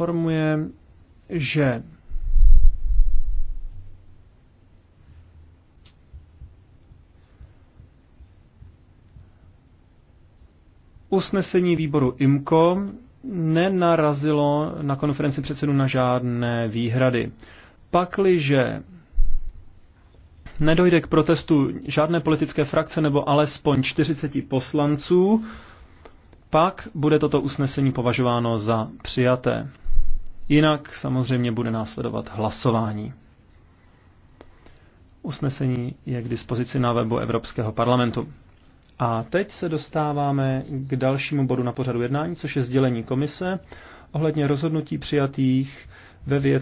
informuje, že usnesení výboru IMCO nenarazilo na konferenci předsedů na žádné výhrady. Pakliže nedojde k protestu žádné politické frakce nebo alespoň 40 poslanců, pak bude toto usnesení považováno za přijaté. Jinak samozřejmě bude následovat hlasování. Usnesení je k dispozici na webu Evropského parlamentu. A teď se dostáváme k dalšímu bodu na pořadu jednání, což je sdělení komise ohledně rozhodnutí přijatých ve věci